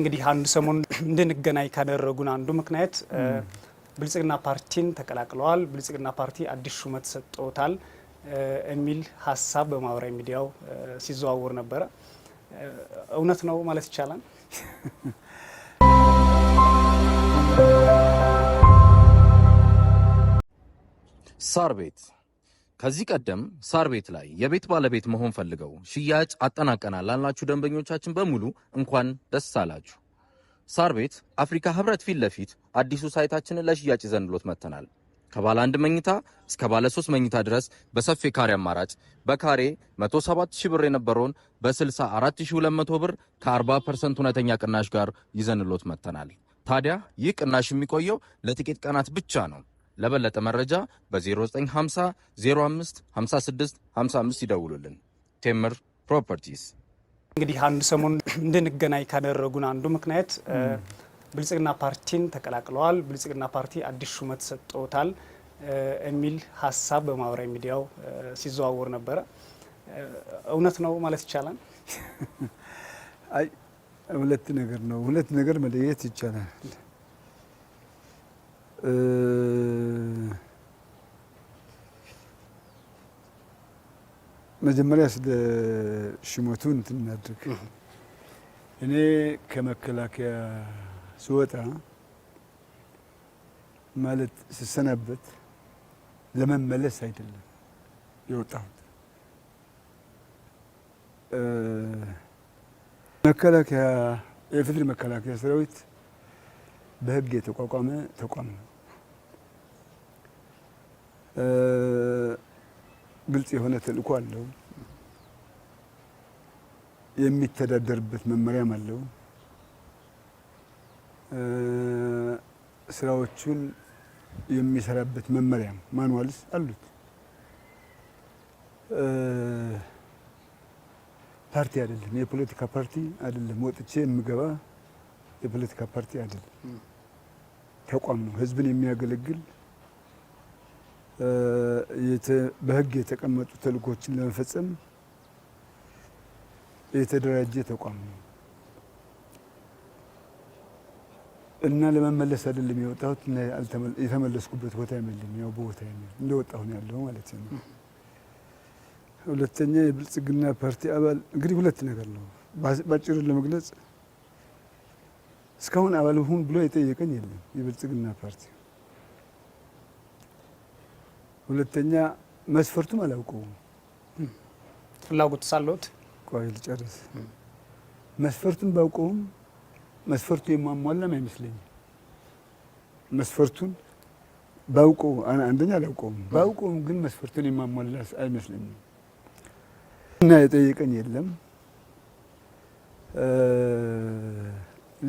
እንግዲህ አንድ ሰሞን እንድንገናኝ ካደረጉን አንዱ ምክንያት ብልጽግና ፓርቲን ተቀላቅለዋል፣ ብልጽግና ፓርቲ አዲስ ሹመት ሰጥቶታል የሚል ሀሳብ በማህበራዊ ሚዲያው ሲዘዋወር ነበረ። እውነት ነው ማለት ይቻላል? ሳር ቤት ከዚህ ቀደም ሳር ቤት ላይ የቤት ባለቤት መሆን ፈልገው ሽያጭ አጠናቀናል ላላችሁ ደንበኞቻችን በሙሉ እንኳን ደስ አላችሁ። ሳር ቤት አፍሪካ ህብረት ፊት ለፊት አዲሱ ሳይታችንን ለሽያጭ ዘንድሎት መጥተናል። ከባለ አንድ መኝታ እስከ ባለ ሶስት መኝታ ድረስ በሰፊ ካሬ አማራጭ በካሬ 107 ሺህ ብር የነበረውን በ64200 ብር ከ40 ፐርሰንት እውነተኛ ቅናሽ ጋር ይዘንሎት መጥተናል። ታዲያ ይህ ቅናሽ የሚቆየው ለጥቂት ቀናት ብቻ ነው። ለበለጠ መረጃ በ0950 05 56 55 ይደውሉልን። ቴምር ፕሮፐርቲስ። እንግዲህ አንድ ሰሞን እንድንገናኝ ካደረጉን አንዱ ምክንያት ብልጽግና ፓርቲን ተቀላቅለዋል፣ ብልጽግና ፓርቲ አዲስ ሹመት ሰጥቶታል የሚል ሀሳብ በማህበራዊ ሚዲያው ሲዘዋወር ነበረ። እውነት ነው ማለት ይቻላል? አይ ሁለት ነገር ነው፣ ሁለት ነገር መለየት ይቻላል። መጀመሪያ ስለ ሽሞቱ እንትን እናድርግ። እኔ ከመከላከያ ስወጣ ማለት ስሰናበት ለመመለስ አይደለም የወጣሁት። መከላከያ የፍትል መከላከያ ሰራዊት በህግ የተቋቋመ ተቋም ነው። ግልጽ የሆነ ተልእኮ አለው። የሚተዳደርበት መመሪያም አለው። ስራዎቹን የሚሰራበት መመሪያም ማንዋልስ አሉት። ፓርቲ አይደለም፣ የፖለቲካ ፓርቲ አይደለም። ወጥቼ የምገባ የፖለቲካ ፓርቲ አይደለም፣ ተቋም ነው። ህዝብን የሚያገለግል በህግ የተቀመጡ ተልእኮችን ለመፈጸም የተደራጀ ተቋም ነው እና ለመመለስ አይደለም የወጣሁት የተመለስኩበት ቦታ አይመልም። ያው በቦታ እንደወጣሁ ነው ያለው ማለት ነው። ሁለተኛ የብልጽግና ፓርቲ አባል እንግዲህ ሁለት ነገር ነው ባጭሩን ለመግለጽ እስካሁን አባል ሁን ብሎ የጠየቀኝ የለም። የብልጽግና ፓርቲ ሁለተኛ መስፈርቱም አላውቀውም። ፍላጎት ሳለሁት ቆይ ልጨርስ። መስፈርቱን ባውቀውም መስፈርቱ የማሟላም አይመስለኝም። መስፈርቱን ባውቀው አንደኛ አላውቀውም፣ ባውቀውም ግን መስፈርቱን የማሟላ አይመስለኝም እና የጠየቀኝ የለም።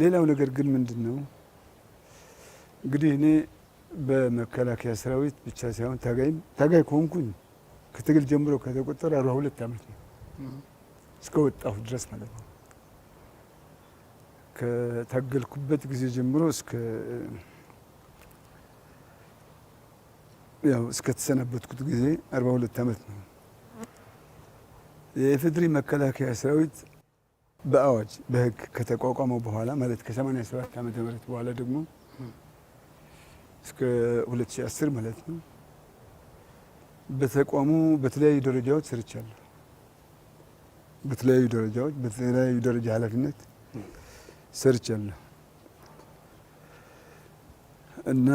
ሌላው ነገር ግን ምንድን ነው እንግዲህ እኔ በመከላከያ ሰራዊት ብቻ ሳይሆን ታጋይም ታጋይ ከሆንኩኝ ከትግል ጀምሮ ከተቆጠረ አርባ ሁለት ዓመት ነው እስከ ወጣሁ ድረስ ማለት ነው። ከታገልኩበት ጊዜ ጀምሮ እስከ ያው ጊዜ አርባ ሁለት ዓመት ነው። የኢፌዴሪ መከላከያ ሰራዊት በአዋጅ በህግ ከተቋቋመ በኋላ ማለት ከ87 ዓመተ ምህረት በኋላ ደግሞ እስከ 2010 ማለት ነው በተቋሙ በተለያዩ ደረጃዎች ሰርቻለሁ። በተለያዩ ደረጃዎች በተለያዩ ደረጃ ኃላፊነት ሰርቻለሁ እና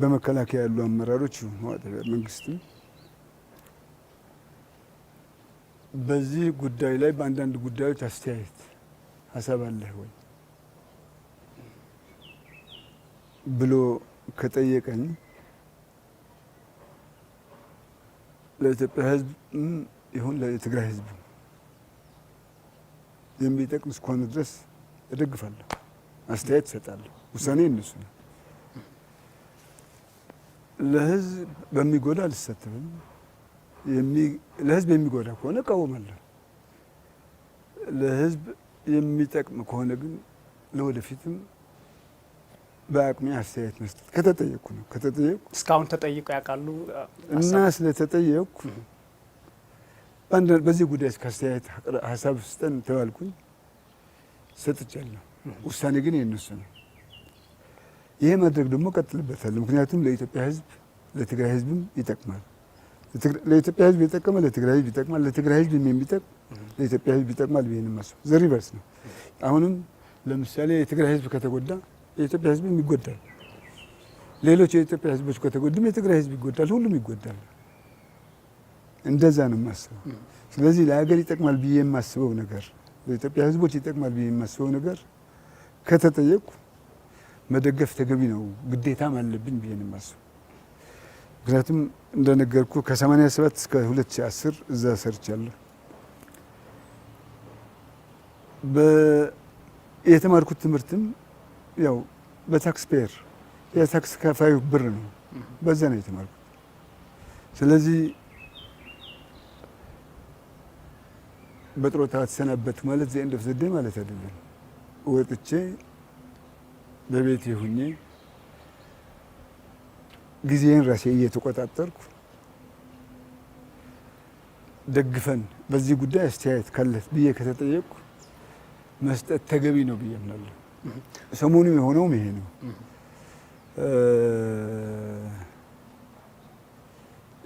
በመከላከያ ያሉ አመራሮች መንግስትም በዚህ ጉዳይ ላይ በአንዳንድ ጉዳዮች አስተያየት ሀሳብ አለህ ወይ ብሎ ከጠየቀኝ ለኢትዮጵያ ሕዝብ ይሁን ለትግራይ ሕዝብ የሚጠቅም እስከሆነ ድረስ እደግፋለሁ፣ አስተያየት እሰጣለሁ። ውሳኔ እነሱ ነው። ለህዝብ በሚጎዳ አልሳተፍም። ለህዝብ የሚጎዳ ከሆነ እቃወማለሁ። ለህዝብ የሚጠቅም ከሆነ ግን ለወደፊትም በአቅሜ አስተያየት መስጠት ከተጠየቅኩ ነው። ከተጠየቅኩ እስካሁን ተጠይቀው ያውቃሉ እና ስለተጠየቅኩ በዚህ ጉዳይ ከአስተያየት ሀሳብ ስጠን ተባልኩኝ፣ ሰጥቻለሁ። ውሳኔ ግን የነሱ ነው። ይሄ ማድረግ ደግሞ እቀጥልበታለሁ። ምክንያቱም ለኢትዮጵያ ህዝብ ለትግራይ ሕዝብም ይጠቅማል። ለኢትዮጵያ ህዝብ የጠቀመ ለትግራይ ሕዝብ ይጠቅማል። ለትግራይ ሕዝብ የሚጠቅም ለኢትዮጵያ ሕዝብ ይጠቅማል ብዬ ነው የማስበው። ዘሪቨርስ ነው። አሁንም ለምሳሌ የትግራይ ህዝብ ከተጎዳ የኢትዮጵያ ሕዝብም ይጎዳል። ሌሎች የኢትዮጵያ ህዝቦች ከተጎዱም የትግራይ ህዝብ ይጎዳል። ሁሉም ይጎዳል። እንደዛ ነው የማስበው። ስለዚህ ለሀገር ይጠቅማል ብዬ የማስበው ነገር ለኢትዮጵያ ህዝቦች ይጠቅማል ብዬ የማስበው ነገር ከተጠየቁ መደገፍ ተገቢ ነው፣ ግዴታም አለብን ብዬ ነው የማስበው። ምክንያቱም እንደነገርኩ ከ87 እስከ 2010 እዛ ሰርቻለሁ። የተማርኩት ትምህርትም ያው በታክስ ፔየር የታክስ ከፋዩ ብር ነው፣ በዛ ነው የተማርኩት። ስለዚህ በጥሮታ ተሰናበቱ ማለት ዘ ኤንድ ኦፍ ዘ ዴይ ማለት አይደለም። ወጥቼ በቤት ሁኜ ጊዜን ራሴ እየተቆጣጠርኩ ደግፈን በዚህ ጉዳይ አስተያየት ካለት ብዬ ከተጠየቅኩ መስጠት ተገቢ ነው ብዬ አምናለሁ። ሰሞኑ የሆነውም ይሄ ነው።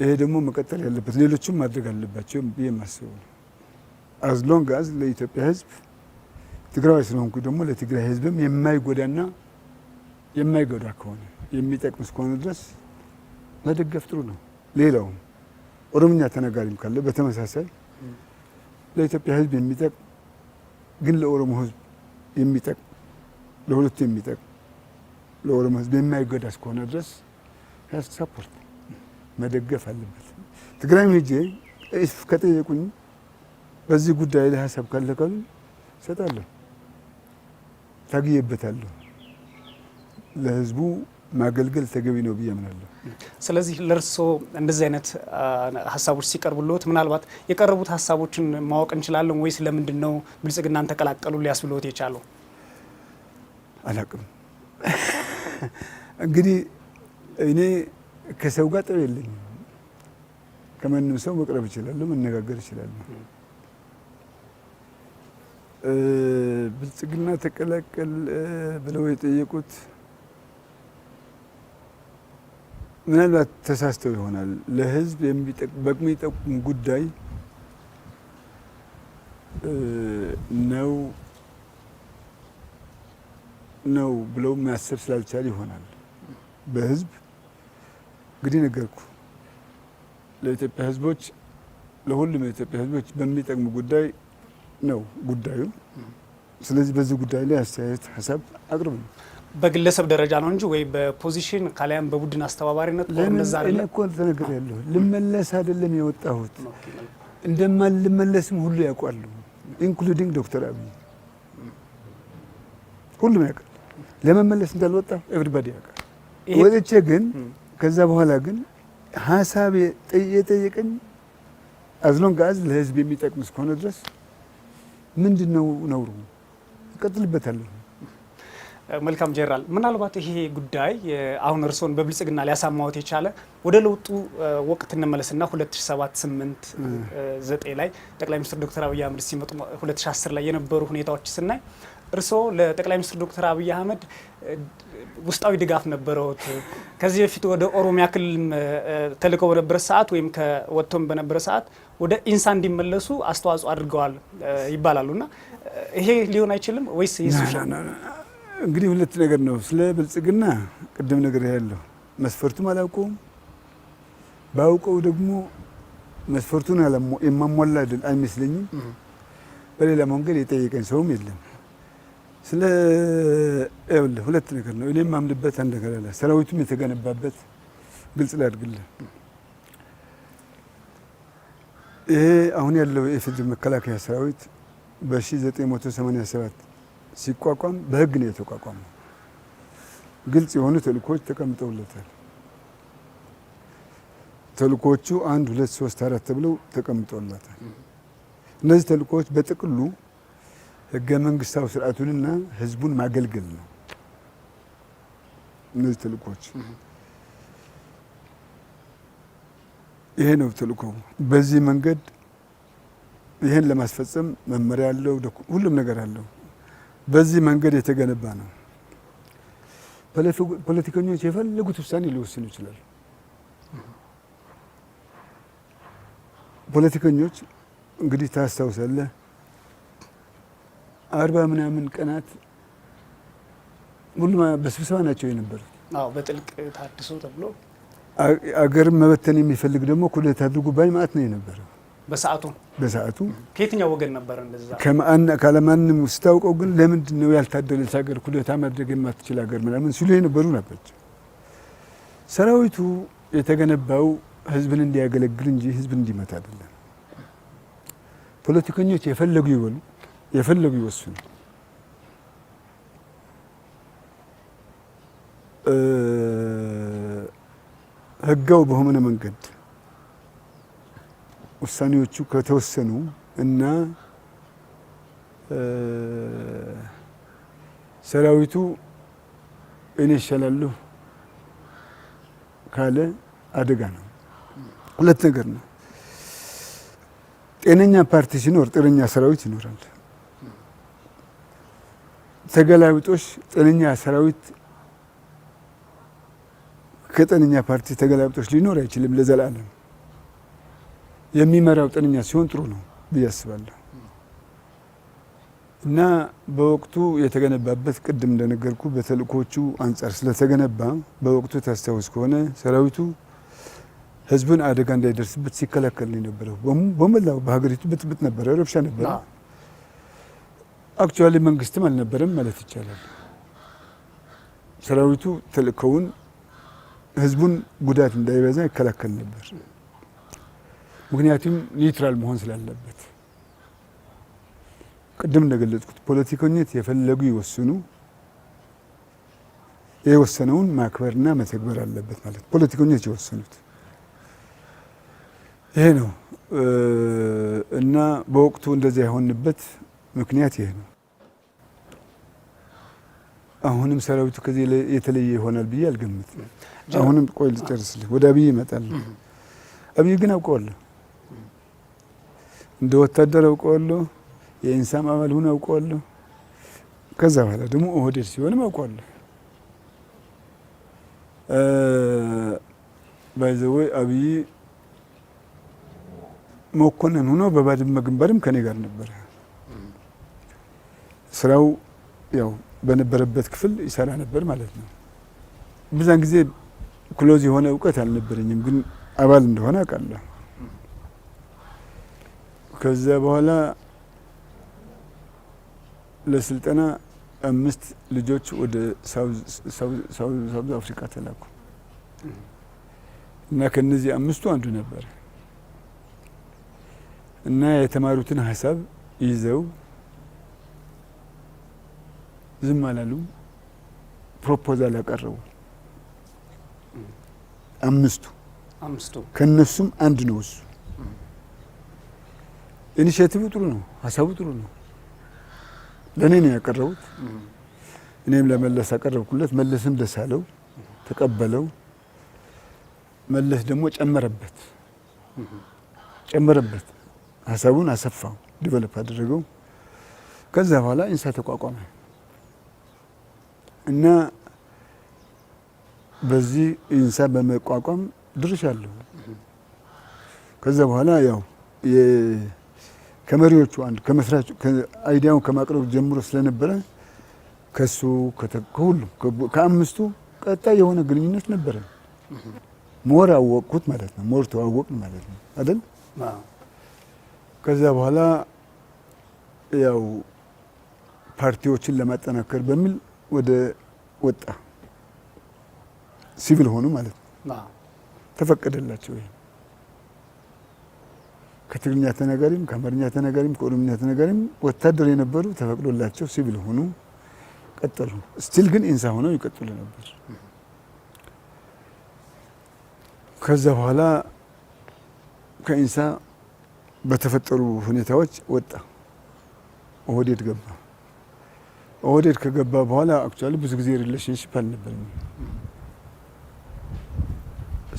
ይሄ ደግሞ መቀጠል ያለበት ሌሎችም ማድረግ አለባቸው ብዬ የማስበው ነው። አዝ ሎንግ አዝ ለኢትዮጵያ ሕዝብ ትግራዊ ስለሆንኩ ደግሞ ለትግራይ ሕዝብም የማይጎዳና የማይጎዳ ከሆነ የሚጠቅም እስከሆነ ድረስ መደገፍ ጥሩ ነው። ሌላውም ኦሮምኛ ተናጋሪም ካለ በተመሳሳይ ለኢትዮጵያ ሕዝብ የሚጠቅም ግን ለኦሮሞ ሕዝብ የሚጠቅም ለሁለቱ የሚጠቅም ለኦሮሞ ሕዝብ የማይጎዳ እስከሆነ ድረስ ሳፖርት መደገፍ አለበት። ትግራይም ሄጄ ከጠየቁኝ በዚህ ጉዳይ ላይ ሀሳብ ካለ ካሉ እሰጣለሁ፣ ታግዬበታለሁ። ለህዝቡ ማገልገል ተገቢ ነው ብዬ አምናለሁ። ስለዚህ ለእርስዎ እንደዚህ አይነት ሀሳቦች ሲቀርቡልዎት ምናልባት የቀረቡት ሀሳቦችን ማወቅ እንችላለን ወይስ ለምንድን ነው ብልጽግናን ተቀላቀሉ ሊያስብልዎት የቻሉ? አላቅም። እንግዲህ እኔ ከሰው ጋር ጠብ የለኝም። ከማንም ሰው መቅረብ እችላለሁ፣ መነጋገር እችላለሁ። ብልጽግና ተቀላቀል ብለው የጠየቁት ምናልባት ተሳስተው ይሆናል። ለህዝብ በሚጠቅም ጉዳይ ነው ነው ብለው ማሰብ ስላልቻል ይሆናል። በህዝብ እንግዲህ ነገርኩ ለኢትዮጵያ ህዝቦች ለሁሉም የኢትዮጵያ ህዝቦች በሚጠቅሙ ጉዳይ ነው ጉዳዩ። ስለዚህ በዚህ ጉዳይ ላይ አስተያየት ሀሳብ አቅርብ ነው። በግለሰብ ደረጃ ነው እንጂ ወይ በፖዚሽን ካሊያም በቡድን አስተባባሪነት እነዛ አይደለም እኮ ተነግሬያለሁ። ልመለስ አይደለም የወጣሁት እንደማልመለስም ሁሉ ያውቋሉ። ኢንክሉዲንግ ዶክተር አብይ ሁሉም ያውቃል። ለመመለስ እንዳልወጣ ኤቭሪባዲ ያውቃል። ወጥቼ ግን ከዛ በኋላ ግን ሀሳብ የጠየቀኝ አዝሎን ጋዝ ለህዝብ የሚጠቅም እስከሆነ ድረስ ምንድን ነው ነውሩ እቀጥልበታለሁ። መልካም ጀነራል፣ ምናልባት ይሄ ጉዳይ አሁን እርስዎን በብልጽግና ሊያሳማዎት የቻለ ወደ ለውጡ ወቅት እንመለስና 2007፣ 8፣ 9 ላይ ጠቅላይ ሚኒስትር ዶክተር አብይ አህመድ ሲመጡ 2010 ላይ የነበሩ ሁኔታዎች ስናይ እርስዎ ለጠቅላይ ሚኒስትር ዶክተር አብይ አህመድ ውስጣዊ ድጋፍ ነበረውት ከዚህ በፊት ወደ ኦሮሚያ ክልል ተልከው በነበረ ሰዓት ወይም ከወጥቶም በነበረ ሰዓት ወደ ኢንሳ እንዲመለሱ አስተዋጽኦ አድርገዋል ይባላሉ እና ይሄ ሊሆን አይችልም ወይስ እንግዲህ ሁለት ነገር ነው። ስለ ብልጽግና ቅድም ነገር ያለው መስፈርቱም አላውቀውም፣ ባውቀው ደግሞ መስፈርቱን የማሟላ አይደል አይመስለኝም። በሌላ መንገድ የጠየቀኝ ሰውም የለም። ስለ ሁለት ነገር ነው። እኔም ማምንበት አንድ ነገር አለ። ሰራዊቱም የተገነባበት ግልጽ ላድርግልህ። ይሄ አሁን ያለው የኢፌዴሪ መከላከያ ሰራዊት በ1987 ሲቋቋም በህግ ነው የተቋቋመው። ግልጽ የሆኑ ተልእኮዎች ተቀምጠውለታል። ተልእኮቹ አንድ ሁለት ሶስት አራት ተብለው ተቀምጠውለታል። እነዚህ ተልእኮዎች በጥቅሉ ህገ መንግስታዊ ስርዓቱንና ህዝቡን ማገልገል ነው። እነዚህ ተልእኮች ይሄ ነው ተልእኮ። በዚህ መንገድ ይህን ለማስፈጸም መመሪያ አለው፣ ሁሉም ነገር አለው። በዚህ መንገድ የተገነባ ነው። ፖለቲከኞች የፈለጉት ውሳኔ ሊወስኑ ይችላሉ። ፖለቲከኞች እንግዲህ ታስታውሳለህ፣ አርባ ምናምን ቀናት ሁሉም በስብሰባ ናቸው የነበሩት። በጥልቅ ታድሶ ተብሎ አገርን መበተን የሚፈልግ ደግሞ ኩደት አድርጉ ባይ ማለት ነው የነበረው በሰዓቱ በሰዓቱ ከየትኛው ወገን ነበር እንደዛ ካለማንም ስታውቀው ግን ለምንድን ነው ያልታደለች ሀገር ኩዴታ ማድረግ የማትችል ሀገር ምናምን ሲሉ የነበሩ ነበች። ሰራዊቱ የተገነባው ህዝብን እንዲያገለግል እንጂ ህዝብን እንዲመታ አይደለም። ፖለቲከኞች የፈለጉ ይበሉ፣ የፈለጉ ይወስኑ። ህጋው በሆነ መንገድ ውሳኔዎቹ ከተወሰኑ እና ሰራዊቱ እኔ ይሻላለሁ ካለ አደጋ ነው። ሁለት ነገር ነው። ጤነኛ ፓርቲ ሲኖር ጤነኛ ሰራዊት ይኖራል። ተገላቢጦሽ ጤነኛ ሰራዊት ከጤነኛ ፓርቲ ተገላቢጦሽ ሊኖር አይችልም ለዘላለም። የሚመራው ጥንኛ ሲሆን ጥሩ ነው ብዬ አስባለሁ። እና በወቅቱ የተገነባበት ቅድም እንደነገርኩ በተልእኮቹ አንጻር ስለተገነባ በወቅቱ ታስታውስ ከሆነ ሰራዊቱ ህዝብን አደጋ እንዳይደርስበት ሲከላከል የነበረው። በመላው በሀገሪቱ ብጥብጥ ነበረ፣ ረብሻ ነበረ። አክቹዋሊ መንግስትም አልነበረም ማለት ይቻላል። ሰራዊቱ ተልእኮውን ህዝቡን ጉዳት እንዳይበዛ ይከላከል ነበር። ምክንያቱም ኒውትራል መሆን ስላለበት ቅድም እንደገለጽኩት ፖለቲከኞች የፈለጉ ይወስኑ፣ የወሰነውን ማክበርና መተግበር አለበት ማለት ፖለቲከኞች የወሰኑት ይሄ ነው እና በወቅቱ እንደዚያ የሆንበት ምክንያት ይሄ ነው። አሁንም ሰራዊቱ ከዚህ የተለየ ይሆናል ብዬ አልገምትም። አሁንም ቆይ ልጨርስልህ፣ ወደ አብይ ይመጣል። አብይ ግን አውቀዋለሁ እንደ ወታደር አውቀዋለሁ። የኢንሳም አባል ሁን አውቀዋለሁ። ከዛ በኋላ ደግሞ ኦህዴድ ሲሆንም አውቀዋለሁ። ባይዘወይ አብይ መኮንን ሆኖ በባድመ ግንባርም ከኔ ጋር ነበረ። ስራው ያው በነበረበት ክፍል ይሰራ ነበር ማለት ነው። ብዛን ጊዜ ክሎዝ የሆነ እውቀት አልነበረኝም፣ ግን አባል እንደሆነ አውቃለሁ። ከዚያ በኋላ ለስልጠና አምስት ልጆች ወደ ሳውዝ አፍሪካ ተላኩ እና ከነዚህ አምስቱ አንዱ ነበር እና የተማሩትን ሀሳብ ይዘው ዝም አላሉ። ፕሮፖዛል ያቀረቡ አምስቱ ከነሱም አንድ ነው እሱ ኢኒሽቲቭ ጥሩ ነው፣ ሀሳቡ ጥሩ ነው። ለእኔ ነው ያቀረቡት። እኔም ለመለስ አቀረብኩለት። መለስም ደስ አለው፣ ተቀበለው። መለስ ደግሞ ጨመረበት ጨመረበት፣ ሀሳቡን አሰፋው፣ ዲቨሎፕ አደረገው። ከዛ በኋላ ኢንሳ ተቋቋመ እና በዚህ ኢንሳ በመቋቋም ድርሻ አለሁ። ከዛ በኋላ ያው ከመሪዎቹ አንዱ ከመስራቹ አይዲያውን ከማቅረብ ጀምሮ ስለነበረ ከሱ ከሁሉም ከአምስቱ ቀጣይ የሆነ ግንኙነት ነበረ። ሞር አወቅኩት ማለት ነው። ሞር ተዋወቅን ማለት ነው አይደል? ከዛ በኋላ ያው ፓርቲዎችን ለማጠናከር በሚል ወደ ወጣ ሲቪል ሆኑ ማለት ነው። ተፈቀደላቸው ይሄ ከትግርኛ ተነጋሪም ከአማርኛ ተነጋሪም ከኦሮምኛ ተነጋሪም ወታደር የነበሩ ተፈቅዶላቸው ሲቪል ሆኑ ቀጠሉ። ስቲል ግን ኢንሳ ሆነው ይቀጥሉ ነበር። ከዛ በኋላ ከኢንሳ በተፈጠሩ ሁኔታዎች ወጣ፣ ኦህዴድ ገባ። ኦህዴድ ከገባ በኋላ አክቹዋሊ ብዙ ጊዜ ሪሌሽንሽፕ አልነበረም።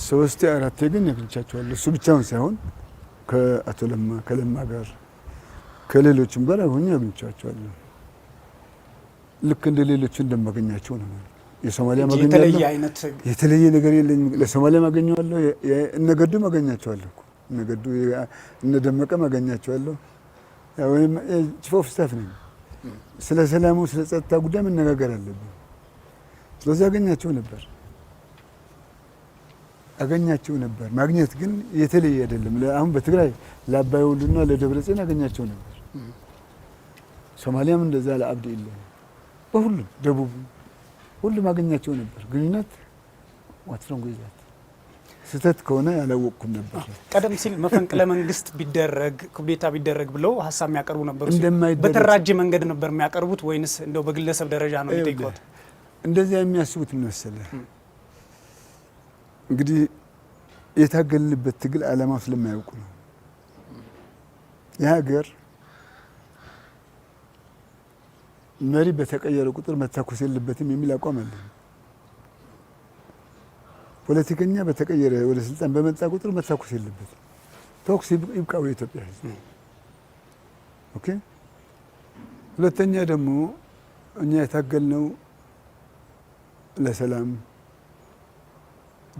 ሶስቴ አራቴ ግን ያክልቻቸዋለሁ እሱ ብቻውን ሳይሆን ከአቶ ለማ ከለማ ጋር ከሌሎችም ጋር ሆኜ አግኝቻቸዋለሁ። ልክ እንደ ሌሎች እንደማገኛቸው ነው። የሶማሊያ የተለየ ነገር የለኝም። ለሶማሊያ ማገኘዋለሁ፣ እነገዱ ማገኛቸዋለሁ፣ እነገዱ እነደመቀ ማገኛቸዋለሁ። ወይም ቺፍ ኦፍ ስታፍ ነኝ። ስለ ሰላሙ ስለ ጸጥታ ጉዳይ መነጋገር አለብን። ስለዚህ አገኛቸው ነበር። አገኛቸው ነበር። ማግኘት ግን የተለየ አይደለም። አሁን በትግራይ ለአባይ ወሉና ለደብረጽዮን አገኛቸው ነበር። ሶማሊያም እንደዛ ለአብድ ኢለ በሁሉም ደቡብ ሁሉም አገኛቸው ነበር። ግንኙነት ዋትሮንግ ይዛት ስህተት ከሆነ ያላወቅኩም ነበር። ቀደም ሲል መፈንቅለ መንግስት ቢደረግ ኩዴታ ቢደረግ ብለው ሀሳብ የሚያቀርቡ ነበሩ። በተራጀ መንገድ ነበር የሚያቀርቡት ወይንስ እንደው በግለሰብ ደረጃ ነው የሚጠይቁት? እንደዚያ የሚያስቡት መሰለህ እንግዲህ የታገልንበት ትግል ዓላማ ስለማያውቁ ነው። የሀገር መሪ በተቀየረ ቁጥር መታኮስ የለበትም የሚል አቋም አለ። ፖለቲከኛ በተቀየረ ወደ ስልጣን በመጣ ቁጥር መታኮስ የለበትም። ተኩስ ይብቃው የኢትዮጵያ ሕዝብ። ኦኬ። ሁለተኛ ደግሞ እኛ የታገልነው ለሰላም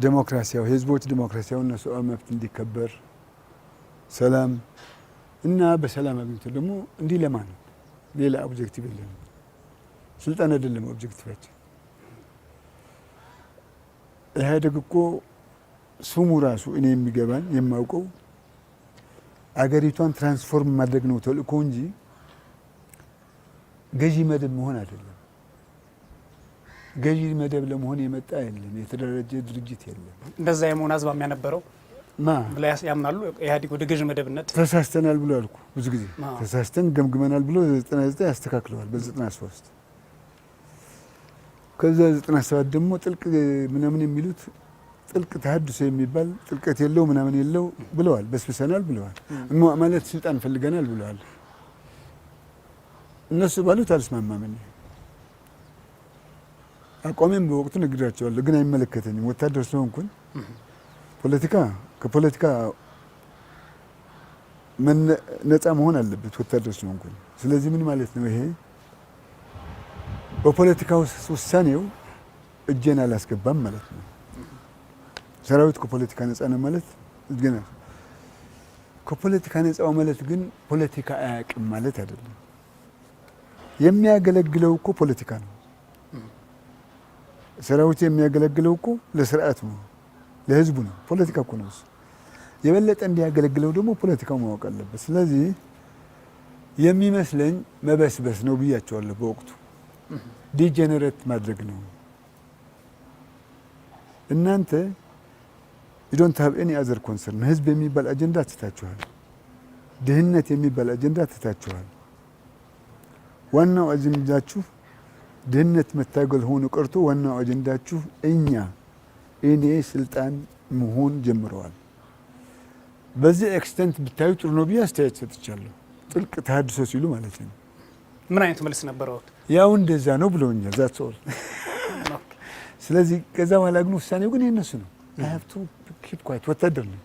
ዴሞክራሲያዊ ህዝቦች ዴሞክራሲያዊ እና ሰብአዊ መብት እንዲከበር ሰላም እና በሰላም አግኝቶ ደግሞ እንዲህ ለማን ሌላ ኦብጀክቲቭ የለንም። ስልጣን አይደለም ኦብጀክቲቫችን። ኢህአዴግ እኮ ስሙ ራሱ እኔ የሚገባኝ የማውቀው አገሪቷን ትራንስፎርም ማድረግ ነው ተልእኮ እንጂ ገዢ መደብ መሆን አይደለም። ገዢ መደብ ለመሆን የመጣ የለም፣ የተደራጀ ድርጅት የለም። እንደዛ የመሆን አዝማሚያ ነበረው ያምናሉ። ኢህአዴግ ወደ ገዢ መደብነት ተሳስተናል ብሎ አልኩ። ብዙ ጊዜ ተሳስተን ገምግመናል ብሎ 99 ያስተካክለዋል በ93 ከዛ 97 ደግሞ ጥልቅ ምናምን የሚሉት ጥልቅ ተሀድሶ የሚባል ጥልቀት የለው ምናምን የለው ብለዋል። በስብሰናል ብለዋል። ማለት ስልጣን ፈልገናል ብለዋል። እነሱ ባሉት አልስማማም። አቋሜም በወቅቱ ነግዳቸዋለሁ፣ ግን አይመለከተኝም። ወታደር ስለሆንኩኝ ፖለቲካ ከፖለቲካ ነፃ መሆን አለበት ወታደር ስለሆንኩኝ። ስለዚህ ምን ማለት ነው ይሄ? በፖለቲካ ውስጥ ውሳኔው እጄን አላስገባም ማለት ነው። ሰራዊት ከፖለቲካ ነፃ ነው ማለት ግን ከፖለቲካ ነፃው ማለት ግን ፖለቲካ አያውቅም ማለት አይደለም። የሚያገለግለው እኮ ፖለቲካ ነው። ሰራዊት የሚያገለግለው እኮ ለስርዓቱ ነው፣ ለህዝቡ ነው። ፖለቲካ እኮ ነው የበለጠ እንዲያገለግለው ደግሞ ፖለቲካው ማወቅ አለበት። ስለዚህ የሚመስለኝ መበስበስ ነው ብያቸዋለሁ። በወቅቱ ዲጀነሬት ማድረግ ነው። እናንተ ዶንት ሀብ ኤኒ አዘር ኮንሰርን፣ ህዝብ የሚባል አጀንዳ ትታችኋል። ድህነት የሚባል አጀንዳ ትታችኋል። ዋናው አጀንዳችሁ ድህነት መታገል ሆኖ ቀርቶ ዋናው አጀንዳችሁ እኛ እኔ ስልጣን መሆን ጀምረዋል። በዚህ ኤክስተንት ብታዩ ጥሩ ነው ብዬ አስተያየት ሰጥቻለሁ። ጥልቅ ተሃድሶ ሲሉ ማለት ነው። ምን አይነት መልስ ነበረው? ያው እንደዛ ነው ብለውኛል። ዛት ሰል ስለዚህ ከዛ በኋላ ግን ውሳኔው ግን የነሱ ነው። ሀብቱ ኳይት ወታደር ነው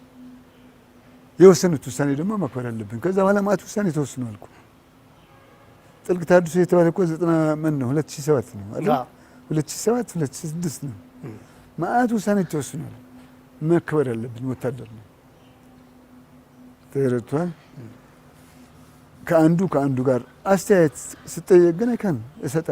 የወሰኑት ውሳኔ ደግሞ ማክበር አለብን። ከዛ በኋላ ማለት ውሳኔ ተወስኗል እኮ ጥልቅ ታድሶ የተባለ እኮ ዘጠና ማን ነው ሁለት ሺህ ሰባት ነው ሁለት ሺህ ሰባት ሁለት ሺህ ስድስት ነው። መዓት ውሳኔ ተወስኗል። መከበር ያለብን ወታደር ነው። ተረድቷል። ከአንዱ ከአንዱ ጋር አስተያየት ስጠየቅ ግን አይካን እሰጣል